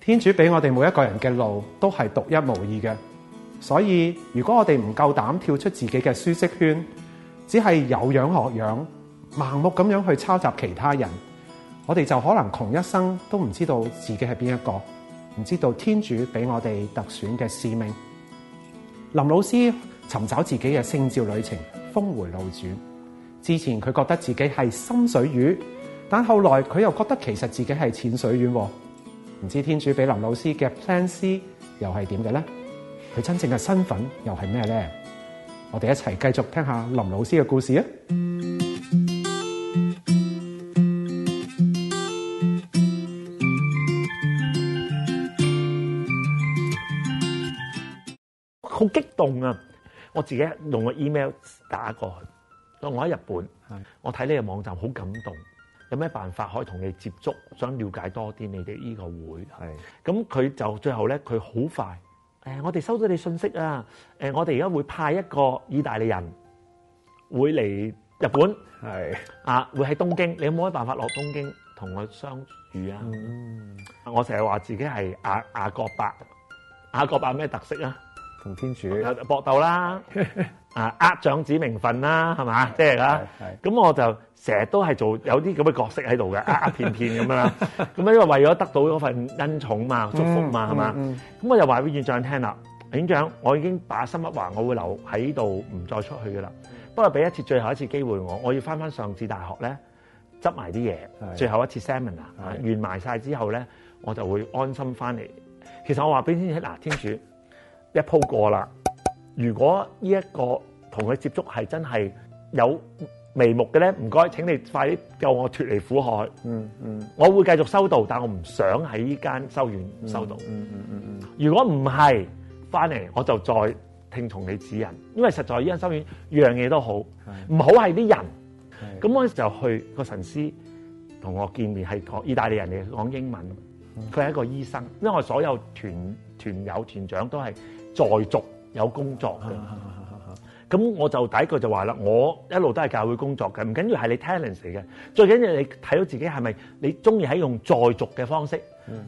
天主俾我哋每一個人嘅路都係獨一無二嘅，所以如果我哋唔夠膽跳出自己嘅舒適圈，只係有樣學樣，盲目咁樣去抄襲其他人，我哋就可能窮一生都唔知道自己係邊一個。唔知道天主俾我哋特選嘅使命，林老師尋找自己嘅聖召旅程峰回路轉。之前佢覺得自己係深水魚，但後來佢又覺得其實自己係淺水魚。唔知道天主俾林老師嘅 Plan C 又係點嘅咧？佢真正嘅身份又係咩咧？我哋一齊繼續聽下林老師嘅故事啊！好激動啊！我自己用個 email 打過去，我喺日本，我睇呢個網站好感動。有咩辦法可以同你接觸，想了解多啲你哋呢個會？咁佢就最後咧，佢好快。誒，我哋收到你信息啊！誒，我哋而家會派一個意大利人會嚟日本，啊，會喺東京。你有冇啲辦法落東京同我相處啊？我成日話自己係亞亞國伯，亞國伯咩特色啊？同天主搏鬥啦， 啊，呃長子名分啦，係嘛，即係啦。咁我就成日都係做有啲咁嘅角色喺度嘅，呃、啊、片片咁樣啦。咁 因為為咗得到嗰份恩寵嘛，祝福嘛，係嘛。咁我就話俾院長聽啦，院長，我已經把心一話，我會留喺度，唔再出去噶啦。不過俾一次最後一次機會我，我要翻翻上，上次大學咧，執埋啲嘢，對最後一次 seminar 對、啊、完埋晒之後咧，我就會安心翻嚟。其實我話俾天主嗱、啊，天主。一鋪過啦，如果呢一個同佢接觸係真係有眉目嘅咧，唔該，請你快啲救我脫離苦海。嗯嗯，嗯我會繼續修道，但我唔想喺呢間修院修道。嗯嗯嗯嗯，嗯嗯嗯嗯如果唔係翻嚟，我就再聽從你指引。因為實在呢間修院樣嘢都好，唔好係啲人。咁的我就去個神師同我見面，係講意大利人嚟，講英文。佢係一個醫生，因為我所有團團友、團長都係在俗有工作嘅。咁、啊啊啊啊、我就第一句就話啦，我一路都係教會工作嘅，唔緊要係你 talents 嚟嘅，最緊要你睇到自己係咪你中意喺用在俗嘅方式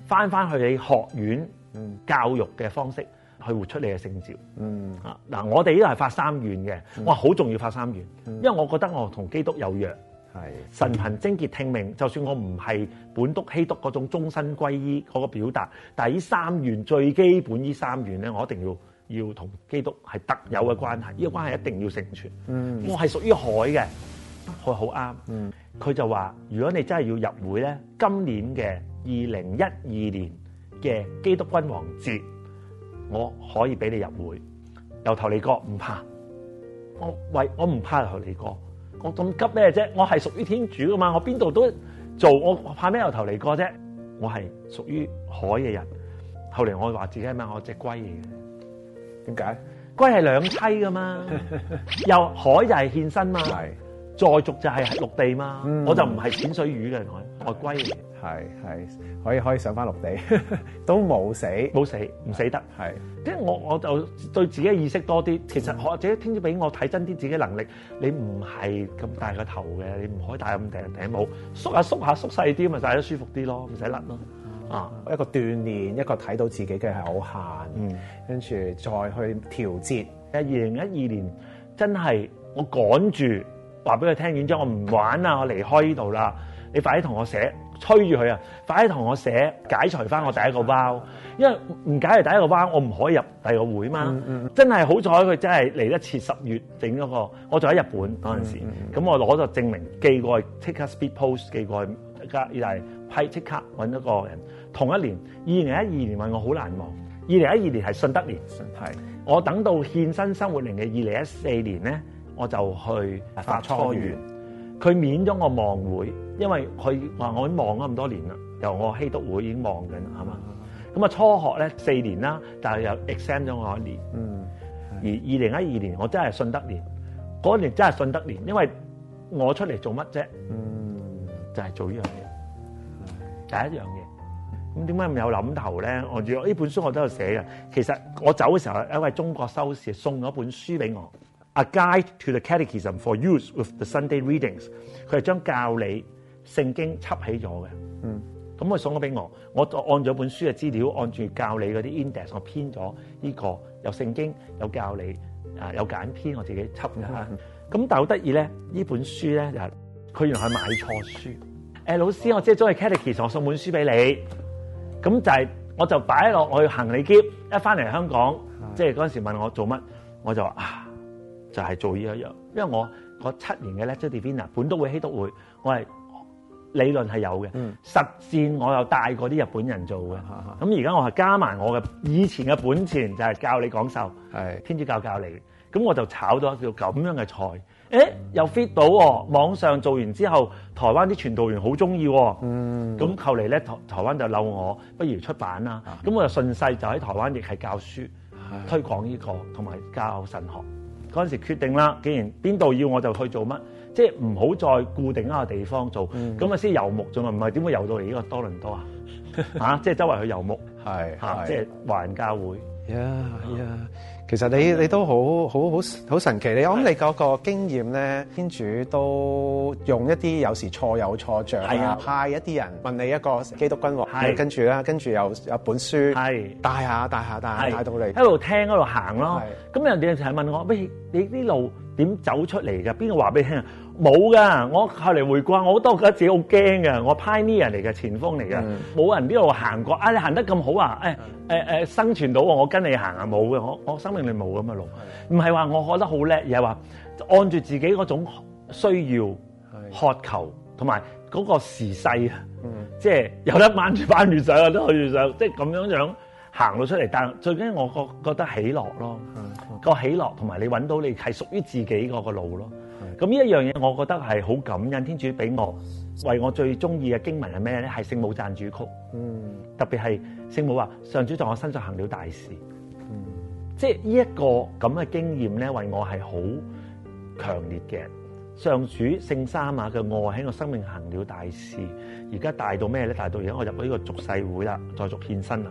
翻翻、嗯、去你學院、嗯、教育嘅方式去活出你嘅聖召。嗱、嗯啊，我哋呢度係發三願嘅，我好重要發三願，因為我覺得我同基督有約。係是神貧貞潔聽命，就算我唔係本篤熙篤嗰種終身歸依，嗰個表達，但係呢三願最基本呢三願咧，我一定要要同基督係特有嘅關係，呢、嗯、個關係一定要成全。嗯，我係屬於海嘅，佢好啱。嗯，佢就話：如果你真係要入會咧，今年嘅二零一二年嘅基督君王節，我可以俾你入會，由頭嚟過，唔怕。我喂，我唔怕由頭嚟過。我咁急咩啫？我係屬於天主噶嘛，我邊度都做，我怕咩由頭嚟過啫？我係屬於海嘅人。後嚟我話自己係咪我隻龜嚟嘅，點解？龜係兩棲噶嘛， 又海就係獻身嘛，再續是就係陸地嘛，嗯、我就唔係淺水魚嘅海，我係龜嚟嘅。係係可以可以上翻陸地，都冇死冇死，唔死，死得係。即係我我就對自己嘅意識多啲。其實或者天主俾我睇真啲自己，自己的能力，你唔係咁大個頭嘅，你唔可以戴咁頂頂帽縮下縮下縮細啲，咪戴得舒服啲咯，唔使甩咯啊，啊一！一個鍛鍊，一個睇到自己嘅有限，跟住、嗯、再去調節。喺二零一二年真係我趕住話俾佢聽，院長我唔玩啦，我離開呢度啦。你快啲同我寫。催住佢啊！快啲同我寫解除返我第一個包，因為唔解除第一個包，我唔可以入第二個會嘛。嗯嗯、真係好彩，佢真係嚟得切十月整咗個，我仲喺日本嗰陣時，咁、嗯嗯、我攞咗證明寄過去，即刻 speed post 寄過去，家依家批即刻搵咗個人。同一年，二零一二年我，我好難忘。二零一二年係信德年，係是我等到獻身生活年嘅二零一四年咧，我就去發初願。初佢免咗我望會，因為佢話我已經望咗咁多年啦，由我希督會已經望緊啦，係嘛？咁啊、嗯、初學咧四年啦，但係又 exempt 咗我一年。嗯。嗯而二零一二年我真係信德年，嗰年真係信德年，因為我出嚟做乜啫？嗯，就係、是、做呢樣嘢。第一樣嘢，咁點解唔有諗頭咧？我住呢本書我都有寫嘅，其實我走嘅時候，一位中國修士送咗本書俾我。A guide to the Catechism for use with the Sunday readings，佢係將教理聖經輯起咗嘅。嗯，咁佢送咗俾我，我就按咗本書嘅資料，按住教理嗰啲 index，我編咗呢個有聖經有教理啊有簡編。我自己輯嘅。咁但係好得意咧，呢本書咧佢原來係買錯書。誒，老師，我即係中意 catechism，我送本書俾你。咁就係我就擺落我去行李喼，一返嚟香港的即係嗰時問我做乜，我就話。就係做呢一樣，因為我七年嘅 Lectio Divina 本都會、希都會，我係理論係有嘅，嗯、實戰我又帶過啲日本人做嘅。咁而家我係加埋我嘅以前嘅本錢就是，就係教理講授，係天主教教理。咁我就炒咗做咁樣嘅菜，誒又 fit 到喎。網上做完之後，台灣啲傳道員好鍾意。咁、嗯、後嚟咧，台台灣就嬲我，不如出版啦。咁、嗯、我就順勢就喺台灣亦係教書，是推廣呢、這個同埋教神學。嗰陣時決定啦，既然邊度要我就去做乜，即係唔好再固定一個地方做，咁啊先遊牧做啊，唔係點會遊到嚟呢個多倫多 啊？嚇，即係周圍去遊牧，嚇、 啊，即係還教會呀呀。Yeah, yeah. 啊。其實你、嗯、你都好好好好神奇，的你我諗你嗰個經驗咧，天主都用一啲有時錯有錯著，啊、的派一啲人問你一個基督徒喎，啊的的，跟住啦，跟住有有本書帶下帶下帶下帶到你一路聽一路行咯，咁有陣時係問我，喂你啲路？點走出嚟嘅？邊個話俾你聽啊？冇噶！我後嚟回顧，我都覺得自己好驚嘅。我 pioneer 嚟嘅，前方嚟嘅，冇人呢度行過啊！你行得咁好啊？誒誒誒，生存到我跟你行啊，冇嘅，我我生命裏冇咁嘅路。唔係話我學得好叻，而係話按住自己嗰種需要渴求，同埋嗰個時勢啊，即係有得掹住掹住手，都可以手，即係咁樣樣。行到出嚟，但最緊我覺覺得喜樂咯，個、嗯嗯、喜樂同埋你揾到你係屬於自己嗰個路咯。咁呢一樣嘢，我覺得係好感恩天主俾我為我最中意嘅經文係咩咧？係聖母讚主曲，嗯、特別係聖母話：上主在我身上行了大事，嗯、即係呢一個咁嘅經驗咧，為我係好強烈嘅上主聖三馬嘅愛喺我生命行了大事。而家大到咩咧？大到而家我入咗呢個俗世會啦，在俗獻身啦。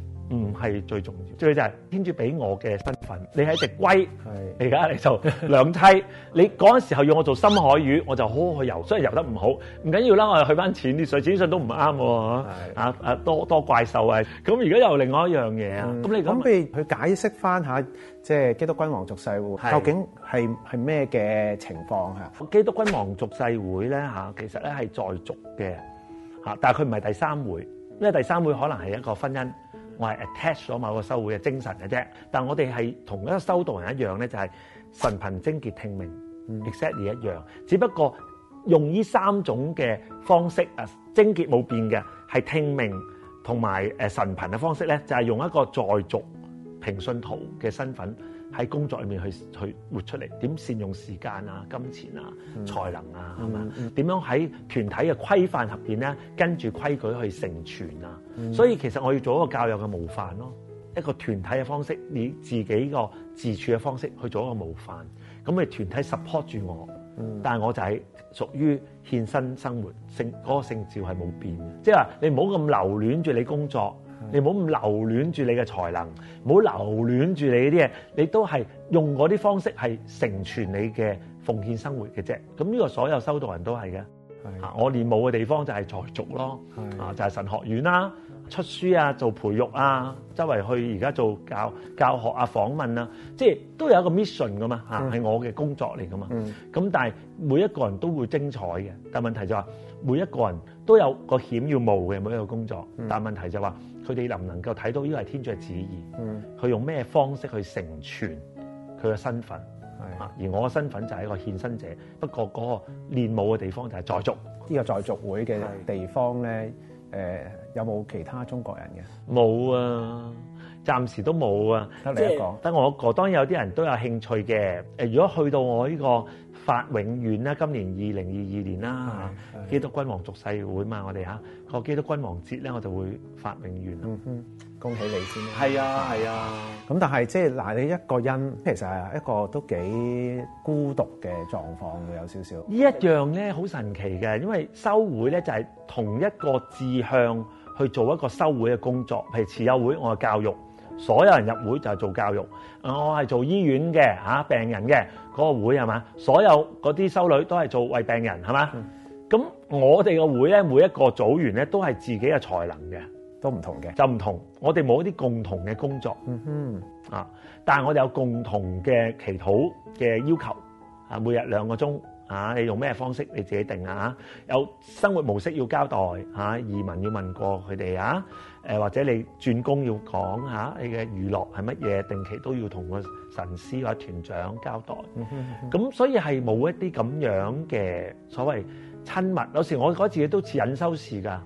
唔係最重要，最就係天主俾我嘅身份。你係隻龜，而家你就兩棲。你嗰陣時候要我做深海魚，我就好好遊，雖然遊得唔好，唔緊要啦。我係去翻淺啲水，淺水都唔啱喎。啊啊，多多怪獸啊！咁而家又另外一樣嘢啊！咁你咁譬如去解釋翻下，即係基督君王俗世會究竟係係咩嘅情況吓？基督君王俗世會咧吓，其實咧係在俗嘅吓，但係佢唔係第三會，因為第三會可能係一個婚姻。我係 attach 咗某個修會嘅精神嘅啫，但係我哋係同一個修道人一樣咧，就係神貧貞潔聽命，exactly 一樣。只不過用呢三種嘅方式啊，貞潔冇變嘅，係聽命同埋誒神貧嘅方式咧，就係用一個在俗平信徒嘅身份喺工作裏面去去活出嚟。點善用時間啊、金錢啊、才能啊、嗯，係，嘛？點樣喺團體嘅規範下邊咧，跟住規矩去成全啊？嗯、所以其實我要做一個教育嘅模範咯，一個團體嘅方式，以自己個自處嘅方式去做一個模範，咁你團體 support 住我。嗯、但係我就係屬於獻身生活，性、那、嗰個性照係冇變嘅。即係話你唔好咁留戀住你工作，嗯、你唔好咁留戀住你嘅才能，唔好留戀住你呢啲嘢，你都係用嗰啲方式係成全你嘅奉獻生活嘅啫。咁呢個所有修道人都係嘅。啊！的我練武嘅地方就係在俗咯，啊的就係神學院啦、的出書啊、做培育啊、周圍去而家做教教學啊、訪問啊即係都有一個 mission 噶嘛，吓係、嗯、我嘅工作嚟噶嘛。咁、嗯、但係每一個人都會精彩嘅，但問題就係每一個人都有個險要冒嘅每一個工作，嗯、但問題就係話佢哋能唔能夠睇到呢個係天主嘅旨意，佢、嗯、用咩方式去成全佢嘅身份。啊，是而我嘅身份就係一個獻身者。不過嗰個練武嘅地方就係在俗。呢個在俗會嘅地方咧。誒是、呃，有冇其他中國人嘅？冇啊，暫時都冇啊。得你一個，得我一個。當然有啲人都有興趣嘅。誒、呃，如果去到我呢個發永願啦，今年二零二二年啦嚇，基督君王俗世會嘛，我哋嚇、啊那個基督君王節咧，我就會發永願。嗯。恭喜你先，係啊，係啊。咁但係即係嗱，你一個人其實係一個都幾孤獨嘅狀況，會有少少。呢一樣咧好神奇嘅，因為修會咧就係同一個志向去做一個修會嘅工作，譬如慈幼會，我係教育所有人入會就係做教育。我係做醫院嘅嚇，病人嘅嗰個會係嘛？所有嗰啲修女都係做為病人係嘛？咁我哋個會咧，每一個組員咧都係自己嘅才能嘅。都唔同嘅，就唔同。我哋冇一啲共同嘅工作，嗯哼，啊，但係我哋有共同嘅祈禱嘅要求，啊，每日兩個鐘，啊，你用咩方式你自己定啦，啊，有生活模式要交代，嚇，移民要問過佢哋啊，誒，或者你轉工要講嚇，你嘅娛樂係乜嘢，定期都要同個神師或者團長交代，嗯哼，咁所以係冇一啲咁樣嘅所謂親密。有時我覺得自己都似隱修士㗎，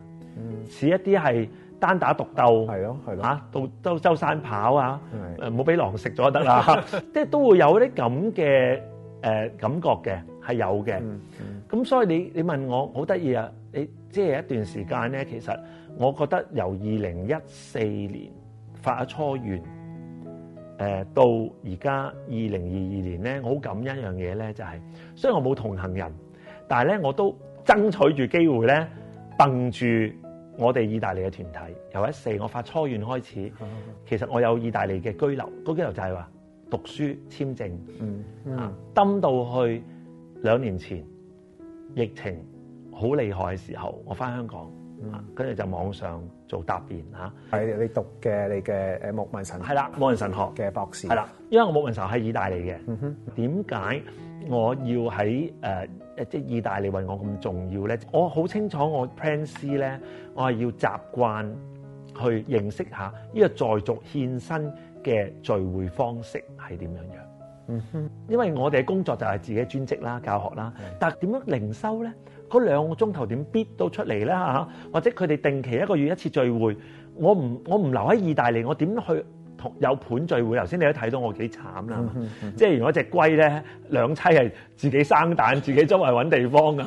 似一啲係。單打獨鬥，係咯，嚇到周周山跑啊，誒冇俾狼食咗得啦，即係都會有啲咁嘅誒感覺嘅，係有嘅。咁所以你你問我好得意啊？你即係一段時間咧，其實我覺得由二零一四年發阿初元誒到而家二零二二年咧，我好感恩一樣嘢咧，就係雖然我冇同行人，但係咧我都爭取住機會咧，掟住。我哋意大利嘅團體，由一四我發初願開始，其實我有意大利嘅居留，嗰居留就係話讀書簽證，嗯嗯、啊，登到去兩年前疫情好厲害嘅時候，我翻香港，跟住、嗯啊、就網上做答辯。吓。係你讀嘅你嘅誒牧民神學，係啦，牧民神學嘅博士係啦，因為我牧民神學係意大利嘅，點解、嗯、哼我要喺誒？呃誒即係意大利為我咁重要咧，我好清楚我 plan 師咧，我係要習慣去認識一下呢個在俗獻身嘅聚會方式係點樣樣。嗯哼，因為我哋工作就係自己專職啦、教學啦，嗯、但點樣靈修咧？嗰兩個鐘頭點必到出嚟咧？嚇，或者佢哋定期一個月一次聚會，我唔我唔留喺意大利，我點去？有盤聚會。頭先你都睇到我幾慘啦，嗯哼嗯哼，即係如果隻龜咧兩妻，係自己生蛋，自己周圍揾地方噶，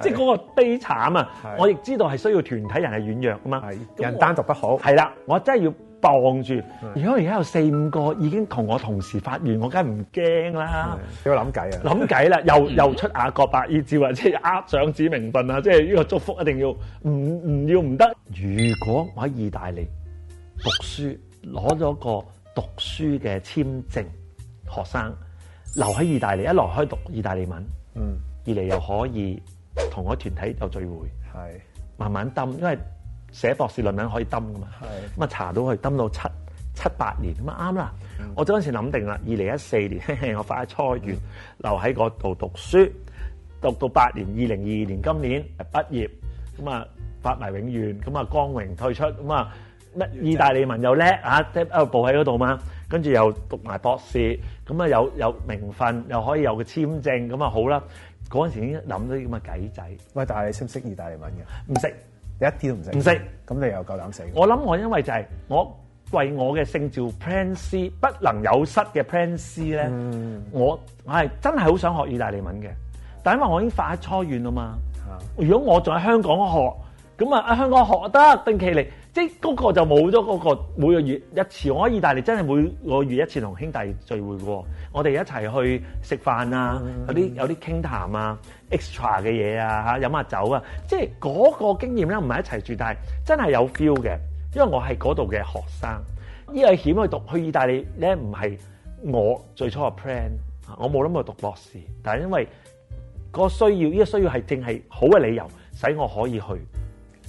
即係嗰個悲慘啊！是我亦知道係需要團體，人係軟弱噶嘛，是，人單獨不好。係啦、嗯，我真係要傍住。是如果而家有四五個已經同我同時發願，我梗係唔驚啦。你要諗計啊？諗計啦，又又出雅各白衣照，啊，即係呃長子名分啊，即係呢個祝福一定要，唔唔要唔得。如果我喺意大利讀書，攞咗個讀書嘅簽證，學生留喺意大利，一來可以讀意大利文，嗯，二嚟又可以同我團體有聚會，係是慢慢揼，因為寫博士論文可以揼㗎嘛，係咁啊查到佢揼到七七八年咁啊啱啦，就嗯、我嗰陣時諗定啦，二零一四年 我發咗初願，嗯、留喺嗰度讀書，讀到八年，二零二二年今年畢業，咁啊發埋永願，咁啊光榮退出，咁啊。乜意大利文又叻嚇，即係第一步喺嗰度嘛，跟住又讀埋博士，咁啊有有名份，又可以有個簽證，咁啊好啦。嗰陣時已經諗咗啲咁嘅計仔。喂，但係你識唔識意大利文嘅？唔識，你一啲都唔識。唔識，咁你又夠膽死？我諗我因為就係我為我嘅姓趙 Prince 不能有失嘅 Prince 咧，我我係真係好想學意大利文嘅，但係因為我已經發咗初願啦嘛。如果我喺香港學？咁啊！香港學得定期嚟，即係嗰個就冇咗嗰個每個,每個月一次。我喺意大利真係每個月一次同兄弟聚會喎。我哋一齊去食飯啊，有啲有啲傾談啊，extra 嘅嘢啊吓，飲下酒啊，即係嗰個經驗咧唔係一齊住，但係真係有 feel 嘅，因為我係嗰度嘅學生。呢個險去讀去意大利咧，唔係我最初嘅 plan，我冇諗過讀博士，但係因為個需要，呢、呢個需要係正係好嘅理由，使我可以去。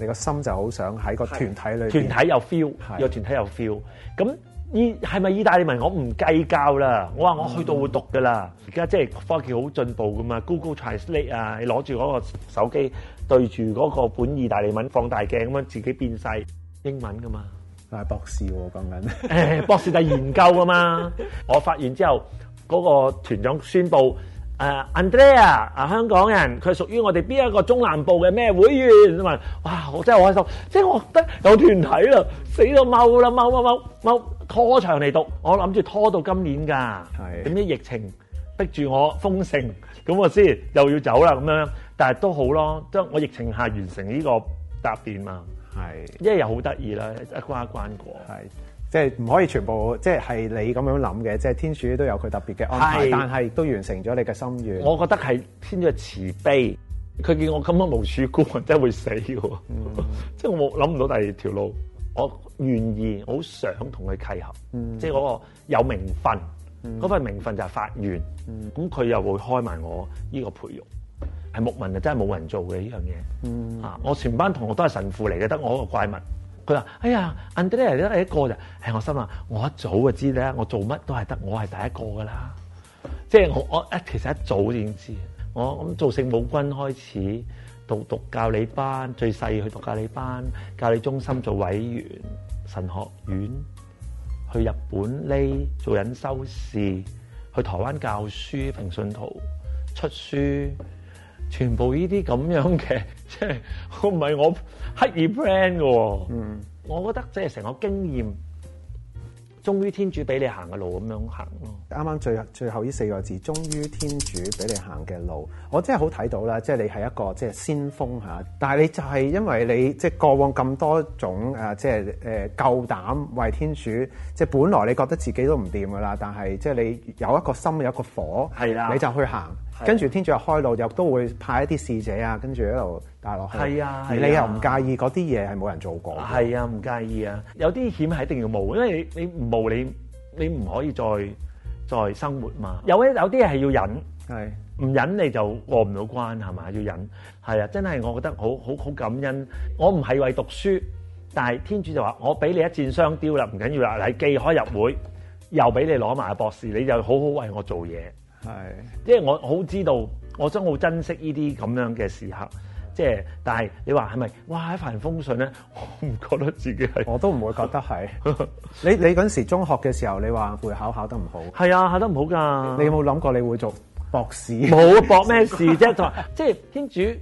你個心就好想喺個團體裏邊，團體又 feel，有團 fe 是體又 feel。咁意係咪意大利文？我唔計較啦，我話我去到會讀噶啦。而家即係科技好進步噶嘛，Google Translate 啊，你攞住嗰個手機對住嗰個本意大利文放大鏡咁樣自己變細英文噶嘛。啊博士喎、啊，講緊， 博士就係研究噶嘛。我發現之後，嗰、那個團長宣布。誒、uh, Andrea 啊、uh,，香港人，佢屬於我哋邊一個中南部嘅咩會員？哇，我真係好開心，即係我覺得有團體啦，死到踎啦，踎踎踎踎拖長嚟讀，我諗住拖到今年㗎。係點知疫情逼住我封城，咁我先又要走啦咁樣，但係都好咯，即係我疫情下完成呢個答辯嘛。係，因為又好得意啦，一關一關過。即係唔可以全部，即係係你咁樣諗嘅，即係天主都有佢特別嘅安排，是但係都完成咗你嘅心願。我覺得係天主嘅慈悲，佢見我咁樣無處顧，真係會死嘅喎。嗯、即係我冇諗唔到第二條路，我願意，好想同佢契合。嗯、即係嗰個有名分，嗰、嗯、份名分就係發願。咁佢、嗯、又會開埋我呢個培育，係牧民就真係冇人做嘅呢樣嘢。啊，嗯、我全班同學都係神父嚟嘅，得我一個怪物。佢話：哎呀，underline 都係一個咋？係我心諗，我一早就知啦，我做乜都係得，我係第一個噶啦。即係我我一其實一早已經知，我咁做聖母軍開始，讀讀教理班，最細去讀教理班，教理中心做委員，神學院去日本 lay 做緊修士，去台灣教書平信徒出書。全部呢啲咁樣嘅，即係我唔係我刻意 plan 嘅喎。嗯，我覺得即係成個經驗，忠於天主俾你行嘅路咁樣行咯。啱啱最最後呢四個字，忠於天主俾你行嘅路，我真係好睇到啦。即係你係一個即係先鋒嚇，但係你就係因為你即係過往咁多種誒，即係誒夠膽為天主，即係本來你覺得自己都唔掂噶啦，但係即係你有一個心有一個火，係啦，你就去行。跟住、啊、天主又開路，又都會派一啲侍者啊，跟住一路帶落去。係啊，你又唔介意嗰啲嘢係冇人做過。係啊，唔介意啊。有啲險係一定要冒，因為你你唔冒你你唔可以再再生活嘛。有啲有啲嘢係要忍，係唔忍你就過唔到關係嘛，要忍。係啊，真係我覺得好好好感恩。我唔係為讀書，但係天主就話：我俾你一箭雙雕啦，唔緊要啦，係既開入會，又俾你攞埋博士，你就好好為我做嘢。係，是即係我好知道，我真好珍惜呢啲咁樣嘅時刻。即係，但係你話係咪？哇！一帆風順咧，我唔覺得自己係，我都唔會覺得係。 你你嗰時中學嘅時候，你話會考考得唔好？係啊，考得唔好㗎。你有冇諗過你會做博士？冇博咩事啫，同埋 即係天主。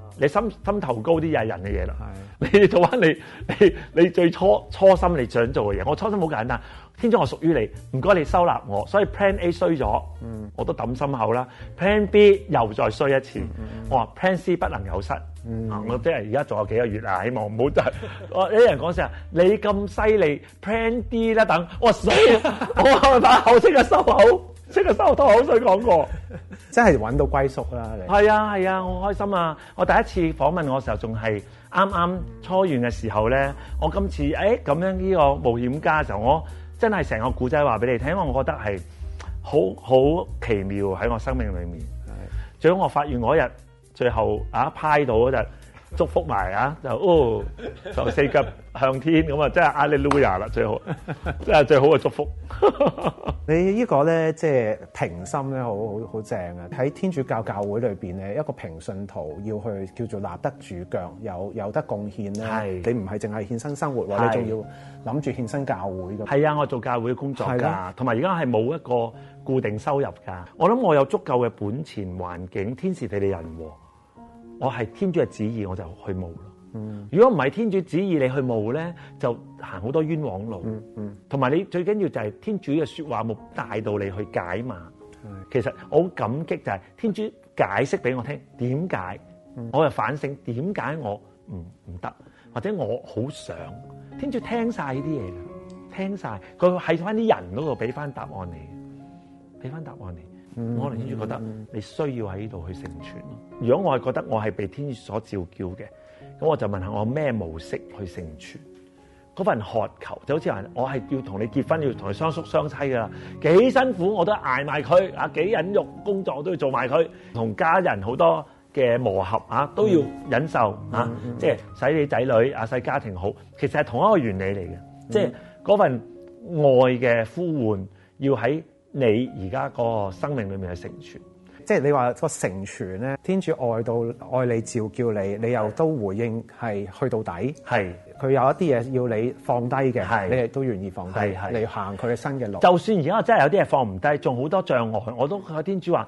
你心心頭高啲又係人嘅嘢啦，你做翻你你你最初初心你想做嘅嘢，我初心好簡單，天主我屬於你，唔該你收納我，所以 Plan A 衰咗，嗯、我都揼心口啦，Plan B 又再衰一次，嗯、我話 Plan C 不能有失，嗯、我即係而家仲有幾個月啊，希望唔好，得。 我啲人講聲，你咁犀利 Plan D 啦等，我死啊， 我把口息嘅收好。即係收台，口水講過， 真係揾到歸宿啦！你係啊係啊，我好、啊、開心啊！我第一次訪問我嘅時，時候，仲係啱啱初完嘅時候咧。我今次誒咁、哎、樣呢個冒險家就我真係成個古仔話俾你聽，因為我覺得係好好奇妙喺我生命裏面。係是，最終我發現嗰日最後啊拍到嗰日。祝福埋啊！就哦，就四級向天咁啊，真係 alleluia 啦，最好，真係最好嘅祝福。你個呢個咧，即係平心咧，好好好正啊！喺天主教教會裏面咧，一個平信徒要去叫做立得住腳，有有得貢獻咧。的你唔係淨係獻身生活，的你仲要諗住獻身教會嘅。係啊，我做教會嘅工作㗎，同埋的而家係冇一個固定收入㗎。我諗我有足夠嘅本錢、環境，天時地利人和。我係天主嘅旨意，我就去冒。咯、嗯。如果唔係天主旨意，你去冒咧，就行好多冤枉路。同埋、嗯嗯、你最緊要就係天主嘅說話冇帶到你去解嘛。嗯、其實我好感激就係天主解釋俾我聽點解，嗯、我又反省點解我唔唔、嗯、得，或者我好想天主聽晒呢啲嘢，聽晒佢喺翻啲人嗰度俾翻答案你，俾翻答案你。我哋可能天主覺得你需要喺呢度去成全。如果我係覺得我係被天主所召叫嘅，咁我就問下我咩模式去成全？嗰份渴求就好似話，我係要同你結婚，要同你雙宿雙棲噶啦，幾辛苦我都捱埋佢啊，幾忍辱工作我都要做埋佢，同家人好多嘅磨合啊，都要忍受、嗯、啊，即係使，使你仔女啊，細家庭好，其實係同一個原理嚟嘅，即係是嗰、嗯、份愛嘅呼喚要喺。你而家個生命裏面嘅成全，即係你話、嗰個成全咧，天主愛到愛你，召叫你，你又都回應係是去到底，係佢是有一啲嘢要你放低嘅，是你係都願意放低，嚟行佢嘅新嘅路。就算而家真係有啲嘢放唔低，仲好多障礙，我都向天主話，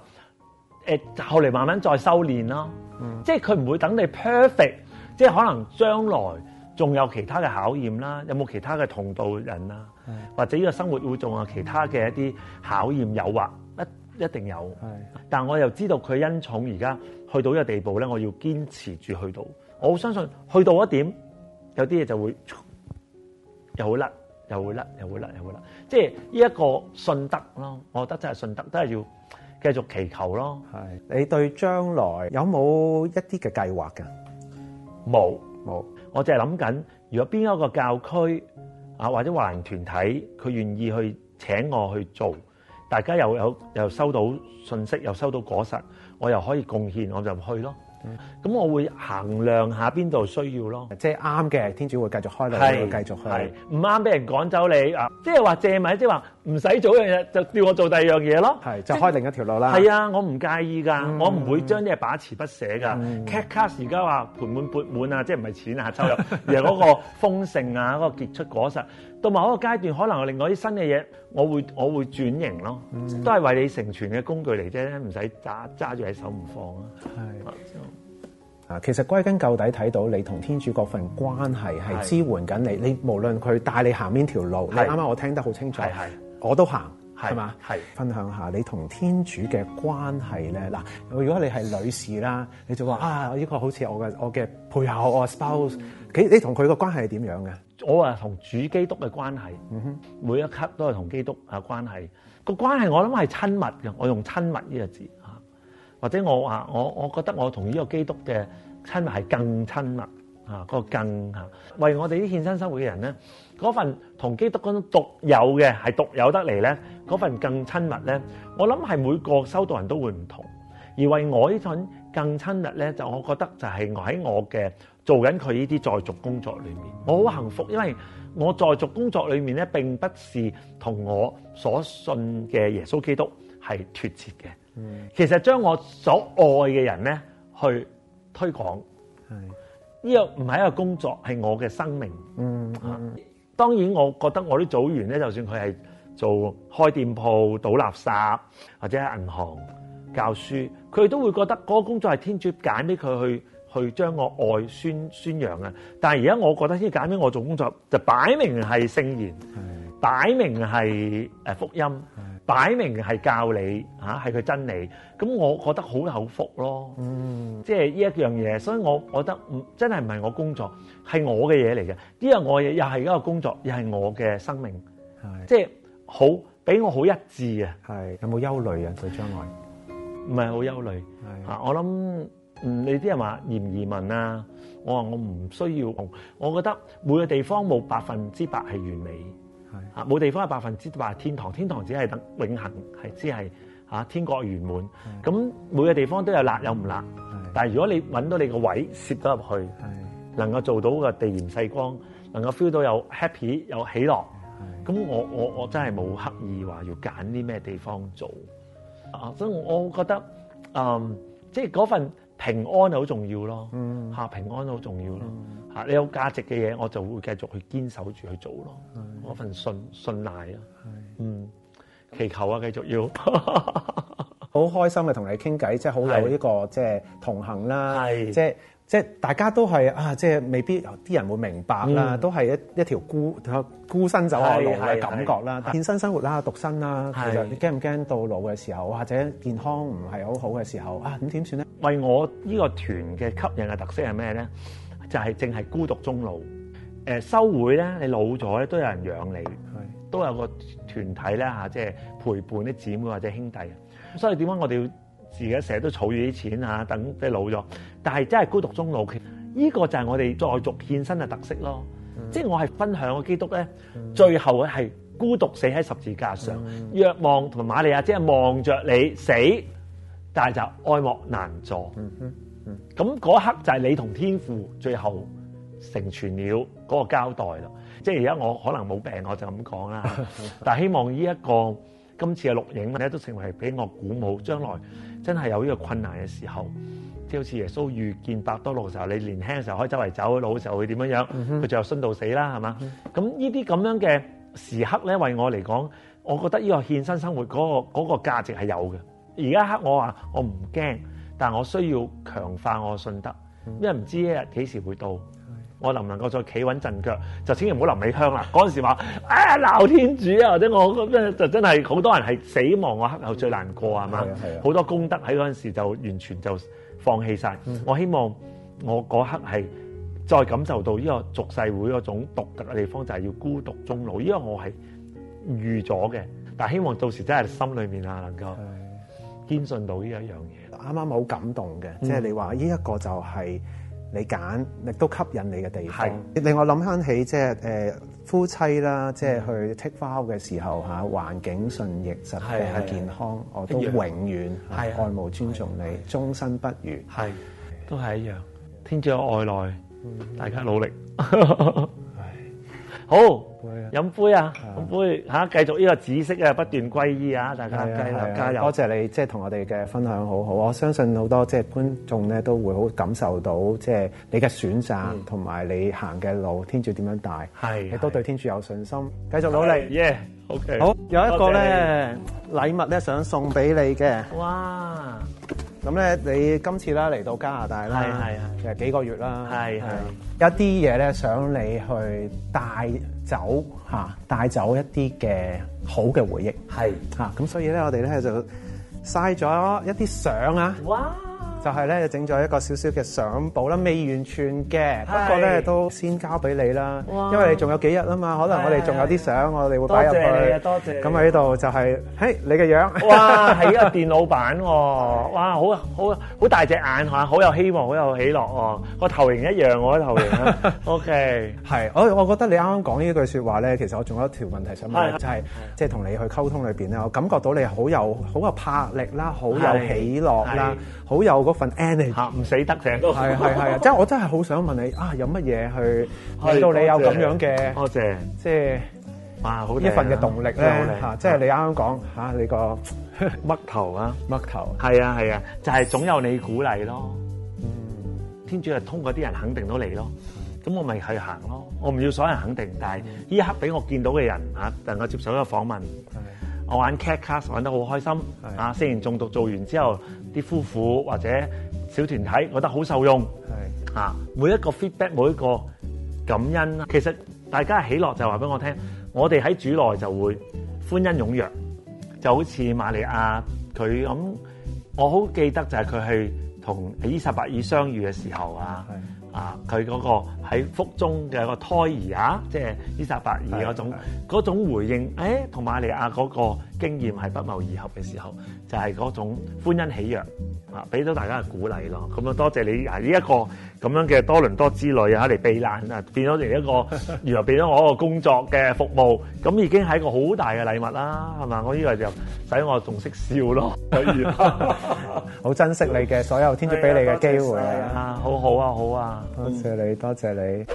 誒、呃、後嚟慢慢再修練咯，嗯、即係佢唔會等你 perfect，即係可能將來。仲有其他嘅考驗啦，有冇其他嘅同道人啦？的或者呢個生活會仲有其他嘅一啲考驗誘惑，一、嗯、一定有。的但我又知道佢恩寵而家去到呢個地步咧，我要堅持住去到。我好相信去到一點，有啲嘢就會又會甩，又會甩，又會甩，又會甩。即係呢一個順德信德咯，我覺得真係信德，都係要繼續祈求咯。係你對將來有冇一啲嘅計劃嘅？冇冇。沒有。我就係諗緊，如果邊一個教區啊，或者華人團體，佢願意去請我去做，大家又有又收到信息，又收到果實，我又可以貢獻，我就去咯。咁、嗯、我會衡量下邊度需要咯，即係啱嘅，天主會繼續開路，繼是續去。唔啱俾人趕走你啊！即係話借米，即係話唔使做一樣嘢，就叫我做第二樣嘢咯。係就開另一條路啦。係啊，我唔介意噶，嗯、我唔會將啲係把持不捨噶。劇卡而家話盤滿缽滿啊，即係唔係錢啊收入，而係嗰個豐盛啊，嗰 個結出果實。到某個階段，可能有另外啲新嘅嘢，我會我會轉型咯，都係為你成全嘅工具嚟啫，唔使揸揸住喺手唔放啊！係啊，其實歸根究底睇到你同天主嗰份關係係支援緊你，的你無論佢帶你行邊條路，的你啱啱我聽得好清楚，我都行。係嘛？係分享下你同天主嘅關係咧嗱。如果你係女士啦，你就話啊，呢個好似我嘅我嘅配偶，我 spouse。你同佢個關係係點樣嘅？我啊同主基督嘅關係，每一級都係同基督啊關係。個關係我諗係親密嘅，我用親密呢個字吓。或者我話我我覺得我同呢個基督嘅親密係更親密啊個更吓。為我哋啲獻身生活嘅人咧。嗰份同基督嗰種獨有嘅，係獨有得嚟咧，嗰份更親密咧，我諗係每個修道人都會唔同。而為我呢份更親密咧，就我覺得就係我喺我嘅做緊佢呢啲在俗工作裏面，我好幸福，因為我在俗工作裏面咧，並不是同我所信嘅耶穌基督係脫節嘅。嗯，其實將我所愛嘅人咧去推廣，係呢個唔係一個工作，係我嘅生命。嗯，嗯當然，我覺得我啲組員咧，就算佢係做開店鋪、倒垃圾或者喺銀行教書，佢哋都會覺得嗰個工作係天主揀畀佢去去將我愛宣宣揚啊！但係而家我覺得天主揀畀我做工作，就擺明係聖言，擺、嗯、明係誒福音。嗯擺明係教你，吓係佢真理，咁我覺得好有福咯。嗯，即係呢一樣嘢，所以我覺得唔真係唔係我工作，係我嘅嘢嚟嘅。呢樣我嘢又係一個工作，又係我嘅生命。係是，即係好俾我好一致嘅。係有冇憂慮啊？對將來唔係好憂慮。係是啊，我諗你啲人話移唔移民啊，我話我唔需要。我覺得每個地方冇百分之百係完美。嚇冇地方係百分之百天堂，天堂只係等永恆，只係天國圓滿。咁是每個地方都有辣有唔辣，是但係如果你揾到你個位攝到入去，是能夠做到個地鹽世光，能夠 feel 到有 happy 有喜樂，咁是我我我真係冇刻意話要揀啲咩地方做。是啊，所以我覺得，嗯，即係嗰份。平安好重要咯，吓、嗯，平安好重要咯，吓，你有價值嘅嘢，我就會繼續去堅守住去做咯，嗰是份信信賴咯，嗯，祈求啊，繼續要，好 開心啊，同你傾偈，即係好有呢個即係同行啦，係即的。即係即係大家都係啊！即係未必有啲人會明白啦，嗯、都係一一條孤孤身走下路嘅感覺啦。健身生活啦，獨身啦，其實你驚唔驚到老嘅時候，或者健康唔係好好嘅時候啊？咁點算咧？為我呢個團嘅吸引嘅特色係咩咧？就係淨係孤獨終老。誒、呃，修會咧，你老咗咧都有人養你，是都有個團體咧嚇，即、啊、係、就是、陪伴啲姊妹或者兄弟。所以點解我哋要？自己成日都儲住啲錢啊，等即係老咗。但係真係孤獨終老，其實呢個就係我哋在俗獻身嘅特色咯。嗯、即係我係分享個基督咧，嗯、最後佢係孤獨死喺十字架上，約、嗯、望同埋瑪利亞，即係望着你死，但係就愛莫難助。咁嗰、嗯嗯嗯、刻就係你同天父最後成全了嗰個交代啦。即係而家我可能冇病，我就咁講啦。 但係希望呢一個，今次嘅錄影咧都成為俾我鼓舞，將來真係有呢個困難嘅時候，即好似耶穌遇見伯多祿嘅時候，你年輕嘅時候可以周圍走，老嘅時候會點樣樣？佢仲有信到死啦，係嘛？咁呢啲咁樣嘅時刻咧，為我嚟講，我覺得呢個獻身生活嗰個嗰個價值係有嘅。而家一刻我話我唔驚，但係我需要強化我嘅信德，因為唔知一日幾時會到。我能唔能夠再企穩陣腳，就千祈唔好臨尾香啦！嗰陣時話啊，鬧天主啊，或者我咁咧，就真係好多人係死亡我刻後最難過啊，係嘛、嗯？好嗎多功德喺嗰陣時就完全就放棄晒。嗯、我希望我嗰刻係再感受到呢個俗世會嗰種獨特嘅地方，就係、是、要孤獨終老。呢個我係預咗嘅，但希望到時真係心裏面啊，能夠堅信到呢一樣嘢。啱啱的好感動嘅，即係你話呢一個就係、是。你揀亦都吸引你嘅地方，的令我諗翻起即係誒夫妻啦，即係去 take care 嘅時候嚇、啊，環境順應，疾病健康，我都永遠愛慕尊重你，終身不渝，係都係一樣。天主愛內，嗯、大家努力。 好，杯啊、飲杯啊，飲杯嚇、啊啊，繼續呢個紫色嘅不斷歸依啊，大家繼續加油！多、啊啊、謝謝你即係同我哋嘅分享，好好，我相信好多即係觀眾咧都會好感受到即係你嘅選擇同埋、嗯、你行嘅路，天主點樣大，係、啊，亦都對天主有信心，繼續努力耶、啊 yeah！OK，好有一個咧禮物咧想送俾你嘅，哇！咁咧，你今次咧嚟到加拿大咧，其實幾個月啦，係係一啲嘢咧，想你去帶走嚇，帶走一啲嘅好嘅回憶係嚇，咁所以咧，我哋咧就曬咗一啲相啊。就係咧，整咗一個小小嘅相簿啦，未完全嘅，不過咧都先交俾你啦。因為你仲有幾日啊嘛，可能我哋仲有啲相，我哋會擺入去。多謝你，多謝。咁喺呢度就係，嘿，你嘅樣。哇，係一個電腦版喎。哇，好好好大隻眼嚇，好有希望，好有喜樂喎。個頭型一樣，我嘅頭型。O K，係。我我覺得你啱啱講呢句說話咧，其實我仲有一條問題想問，就係即係同你去溝通裏面咧，我感覺到你好有好有魄力啦，好有喜樂啦。好有嗰份 energy，唔死得嘅。係係係啊！即係我真係好想問你啊，有乜嘢去令到你有咁樣嘅？多謝。即係哇，好！一份嘅動力咧嚇，即係你啱啱講嚇，你個嘜頭啊？嘜頭？係啊係啊，就係總有你鼓勵咯。嗯。天主係通過啲人肯定到你咯。嗯。咁我咪去行咯。我唔要所有人肯定，但係呢一刻俾我見到嘅人嚇，能夠接受一個訪問。係。我玩 cat class 玩得好開心，啊！是的 四年中毒做完之後，啲夫婦或者小團體我覺得好受用，啊！是的 每一個 feedback 每一個感恩，其實大家喜樂就話俾我聽，我哋喺主內就會歡欣踴躍，就好似瑪利亞佢咁，我好記得就係佢去同伊撒伯爾相遇嘅時候啊。是的 啊！佢嗰個喺腹中嘅個胎兒啊，即係伊薩伯爾嗰種嗰種回應，誒、哎，同瑪利亞嗰、那個經驗係不謀而合嘅時候，就係、是、嗰種歡欣喜悦啊，俾到大家嘅鼓勵咯。咁啊，多謝你啊！呢一個咁樣嘅多倫多之旅啊，嚟避難啊，變咗嚟一個，原來變咗我一個工作嘅服務，咁已經係一個好大嘅禮物啦，係嘛？我呢個就使我仲識笑咯，可以好珍惜你嘅所有天主俾你嘅機會啊！ 好好啊，好啊，好啊，多謝你，多謝你。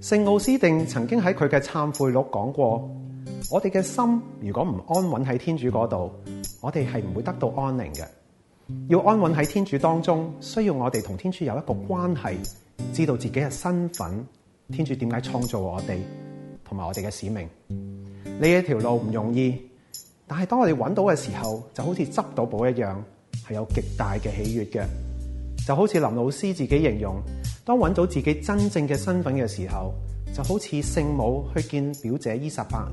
聖、嗯、奧斯定曾經喺佢嘅懺悔錄講過。嗯我哋嘅心如果唔安穩喺天主嗰度，我哋係唔會得到安寧嘅。要安穩喺天主當中，需要我哋同天主有一個關係，知道自己嘅身份。天主點解創造我哋，同埋我哋嘅使命。呢一條路唔容易，但係當我哋揾到嘅時候，就好似執到寶一樣，係有極大嘅喜悅嘅。就好似林老師自己形容，當揾到自己真正嘅身份嘅時候。就好似聖母去見表姐伊撒伯爾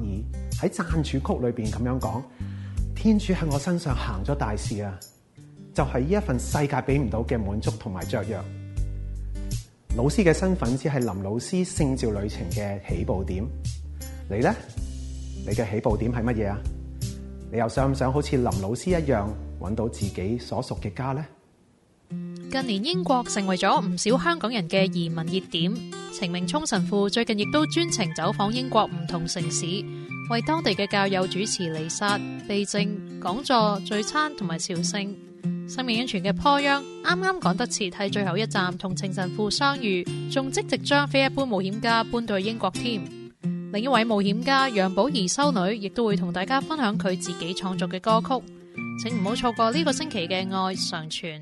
喺讚主曲裏邊咁樣講，「天主喺我身上行咗大事啊！就係呢一份世界俾唔到嘅滿足同埋雀躍。老師嘅身份只係林老師聖召旅程嘅起步點，你呢？你嘅起步點係乜嘢啊？你又想唔想好似林老師一樣，搵到自己所屬嘅家呢？」近年英國成為咗唔少香港人嘅移民熱點。程明聰神父最近亦都專程走訪英國唔同城市，為當地嘅教友主持離殺、地正講座、聚餐同埋朝聖。生命安全嘅坡央啱啱講得辭，係最後一站，同程神父相遇，仲積極將非一般冒險家搬到英國添。另一位冒險家楊寶儀修女亦都會同大家分享佢自己創作嘅歌曲，請唔好錯過呢個星期嘅愛上傳。